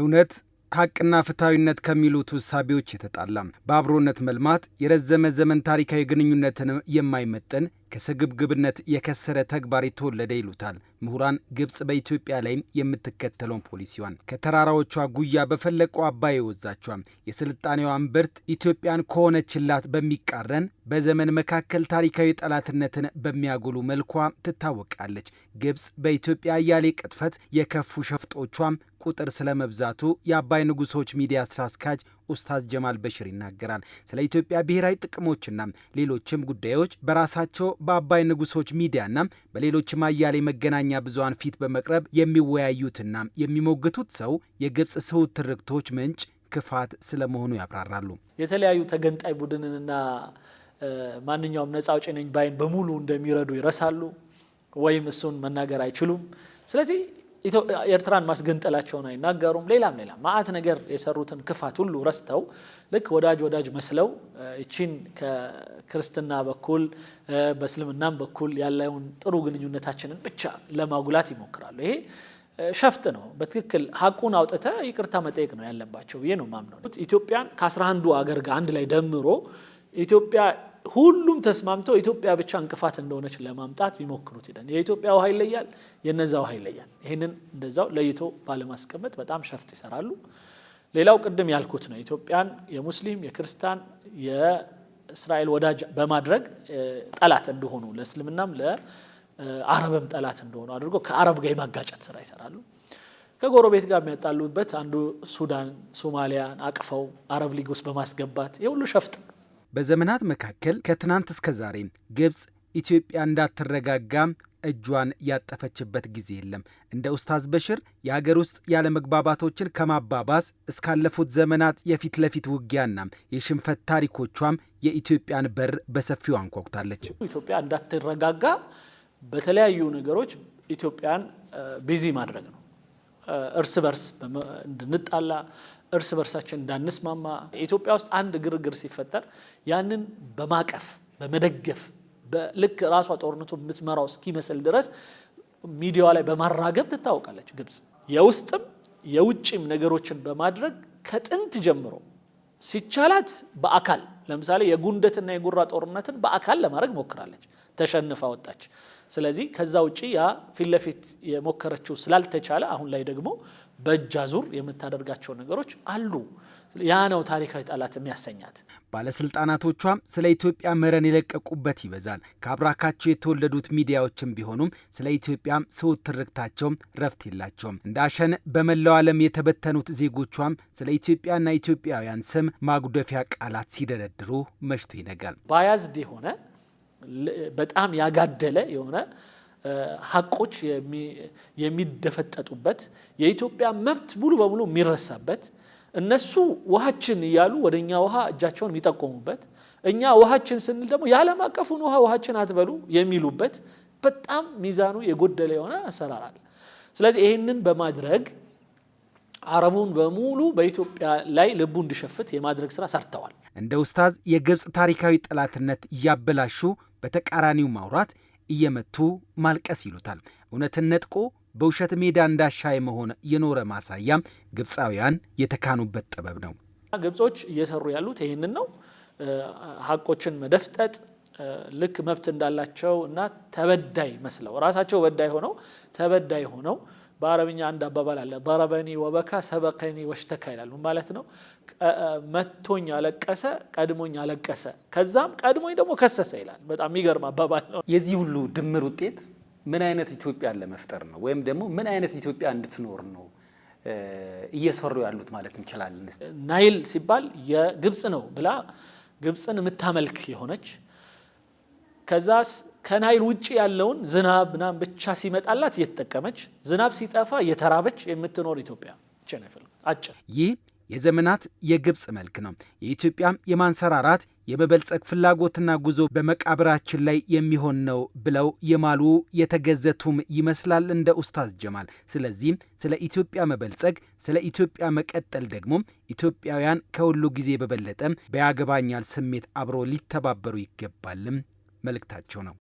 እውነት ሐቅና ፍትሐዊነት ከሚሉት ውሳቤዎች የተጣላ በአብሮነት መልማት የረዘመ ዘመን ታሪካዊ ግንኙነትን የማይመጥን ከስግብግብነት የከሰረ ተግባር የተወለደ ይሉታል ምሁራን። ግብፅ በኢትዮጵያ ላይም የምትከተለውን ፖሊሲዋን ከተራራዎቿ ጉያ በፈለቀው አባይ የወዛቿም የስልጣኔዋን ብርት ኢትዮጵያን ከሆነችላት በሚቃረን በዘመን መካከል ታሪካዊ ጠላትነትን በሚያጎሉ መልኳ ትታወቃለች። ግብፅ በኢትዮጵያ አያሌ ቅጥፈት የከፉ ሸፍጦቿም ቁጥር ስለመብዛቱ የአባይ ንጉሶች ሚዲያ ስራ አስኪያጅ ኡስታዝ ጀማል በሽር ይናገራል። ስለ ኢትዮጵያ ብሔራዊ ጥቅሞችና ሌሎችም ጉዳዮች በራሳቸው በአባይ ንጉሶች ሚዲያና በሌሎችም አያሌ መገናኛ ብዙሃን ፊት በመቅረብ የሚወያዩትና የሚሞግቱት ሰው የግብፅ ስሁት ትርክቶች ምንጭ ክፋት ስለመሆኑ ያብራራሉ። የተለያዩ ተገንጣይ ቡድንንና ማንኛውም ነጻ አውጪ ነኝ ባይን በሙሉ እንደሚረዱ ይረሳሉ፣ ወይም እሱን መናገር አይችሉም። ስለዚህ ኤርትራን ማስገንጠላቸውን አይናገሩም። ሌላም ሌላም ማአት ነገር የሰሩትን ክፋት ሁሉ ረስተው ልክ ወዳጅ ወዳጅ መስለው እቺን ከክርስትና በኩል በእስልምናም በኩል ያለውን ጥሩ ግንኙነታችንን ብቻ ለማጉላት ይሞክራሉ። ይሄ ሸፍጥ ነው። በትክክል ሀቁን አውጥተ ይቅርታ መጠየቅ ነው ያለባቸው ብዬ ነው ማምነው። ኢትዮጵያን ከአስራ አንዱ አገር ጋር አንድ ላይ ደምሮ ኢትዮጵያ ሁሉም ተስማምተው ኢትዮጵያ ብቻ እንቅፋት እንደሆነች ለማምጣት ቢሞክሩት ይላል። የኢትዮጵያ ውሃ ይለያል፣ የነዛ ውሃ ይለያል። ይህንን እንደዛው ለይቶ ባለማስቀመጥ በጣም ሸፍጥ ይሰራሉ። ሌላው ቅድም ያልኩት ነው። ኢትዮጵያን የሙስሊም የክርስቲያን የእስራኤል ወዳጅ በማድረግ ጠላት እንደሆኑ ለእስልምናም ለአረብም ጠላት እንደሆኑ አድርጎ ከአረብ ጋር የማጋጨት ስራ ይሰራሉ። ከጎረቤት ጋር የሚያጣሉበት አንዱ ሱዳን፣ ሶማሊያን አቅፈው አረብ ሊግ ውስጥ በማስገባት የሁሉ ሸፍጥ በዘመናት መካከል ከትናንት እስከ ዛሬ ግብፅ ኢትዮጵያ እንዳትረጋጋ እጇን ያጠፈችበት ጊዜ የለም። እንደ ኡስታዝ በሽር የሀገር ውስጥ ያለመግባባቶችን ከማባባስ እስካለፉት ዘመናት የፊት ለፊት ውጊያና የሽንፈት ታሪኮቿም የኢትዮጵያን በር በሰፊው አንኳኩታለች። ኢትዮጵያ እንዳትረጋጋ በተለያዩ ነገሮች ኢትዮጵያን ቢዚ ማድረግ ነው። እርስ በርስ እንድንጣላ እርስ በርሳችን እንዳንስማማ ኢትዮጵያ ውስጥ አንድ ግርግር ሲፈጠር ያንን በማቀፍ በመደገፍ ልክ ራሷ ጦርነቱ የምትመራው እስኪመስል ድረስ ሚዲያዋ ላይ በማራገብ ትታወቃለች። ግብፅ የውስጥም የውጭም ነገሮችን በማድረግ ከጥንት ጀምሮ ሲቻላት በአካል ለምሳሌ የጉንደትና የጉራ ጦርነትን በአካል ለማድረግ ሞክራለች፣ ተሸንፋ ወጣች። ስለዚህ ከዛ ውጭ ያ ፊት ለፊት የሞከረችው ስላልተቻለ አሁን ላይ ደግሞ በእጅ አዙር የምታደርጋቸው ነገሮች አሉ። ያ ነው ታሪካዊ ጠላት የሚያሰኛት። ባለስልጣናቶቿም ስለ ኢትዮጵያ መረን የለቀቁበት ይበዛል። ከአብራካቸው የተወለዱት ሚዲያዎችም ቢሆኑም ስለ ኢትዮጵያም ስውት ትርክታቸውም ረፍት የላቸውም። እንደ አሸን በመላው ዓለም የተበተኑት ዜጎቿም ስለ ኢትዮጵያና ኢትዮጵያውያን ስም ማጉደፊያ ቃላት ሲደረድሩ መሽቶ ይነጋል። ባያዝድ የሆነ በጣም ያጋደለ የሆነ ሀቆች የሚደፈጠጡበት የኢትዮጵያ መብት ሙሉ በሙሉ የሚረሳበት እነሱ ውሃችን እያሉ ወደ እኛ ውሃ እጃቸውን የሚጠቆሙበት እኛ ውሃችን ስንል ደግሞ የዓለም አቀፉን ውሃ ውሃችን አትበሉ የሚሉበት በጣም ሚዛኑ የጎደለ የሆነ አሰራር አለ። ስለዚህ ይህንን በማድረግ አረቡን በሙሉ በኢትዮጵያ ላይ ልቡ እንዲሸፍት የማድረግ ስራ ሰርተዋል። እንደ ኡስታዝ የግብፅ ታሪካዊ ጠላትነት እያበላሹ በተቃራኒው ማውራት እየመቱ ማልቀስ ይሉታል። እውነትን ነጥቆ በውሸት ሜዳ እንዳሻይ መሆን የኖረ ማሳያም ግብፃውያን የተካኑበት ጥበብ ነው። ግብጾች እየሰሩ ያሉት ይህንን ነው። ሀቆችን መደፍጠጥ ልክ መብት እንዳላቸው እና ተበዳይ መስለው ራሳቸው በዳይ ሆነው ተበዳይ ሆነው በአረብኛ አንድ አባባል አለ። ضربني وبكى سبقني واشتكى ይላል። ማለት ነው መቶኝ አለቀሰ፣ ቀድሞኝ አለቀሰ፣ ከዛም ቀድሞኝ ደግሞ ከሰሰ ይላል። በጣም የሚገርም አባባል ነው። የዚህ ሁሉ ድምር ውጤት ምን አይነት ኢትዮጵያን ለመፍጠር ነው ወይም ደግሞ ምን አይነት ኢትዮጵያ እንድትኖር ነው እየሰሩ ያሉት ማለት እንችላለን። ናይል ሲባል የግብፅ ነው ብላ ግብፅን የምታመልክ የሆነች ከዛስ ከናይል ውጭ ያለውን ዝናብ ምናምን ብቻ ሲመጣላት እየተጠቀመች ዝናብ ሲጠፋ እየተራበች የምትኖር ኢትዮጵያ ብቻ አጭር ይህ የዘመናት የግብፅ መልክ ነው። የኢትዮጵያ የማንሰራራት የመበልጸግ ፍላጎትና ጉዞ በመቃብራችን ላይ የሚሆን ነው ብለው የማሉ የተገዘቱም ይመስላል እንደ ኡስታዝ ጀማል። ስለዚህም ስለ ኢትዮጵያ መበልጸግ፣ ስለ ኢትዮጵያ መቀጠል ደግሞ ኢትዮጵያውያን ከሁሉ ጊዜ በበለጠ በያገባኛል ስሜት አብሮ ሊተባበሩ ይገባልም መልእክታቸው ነው።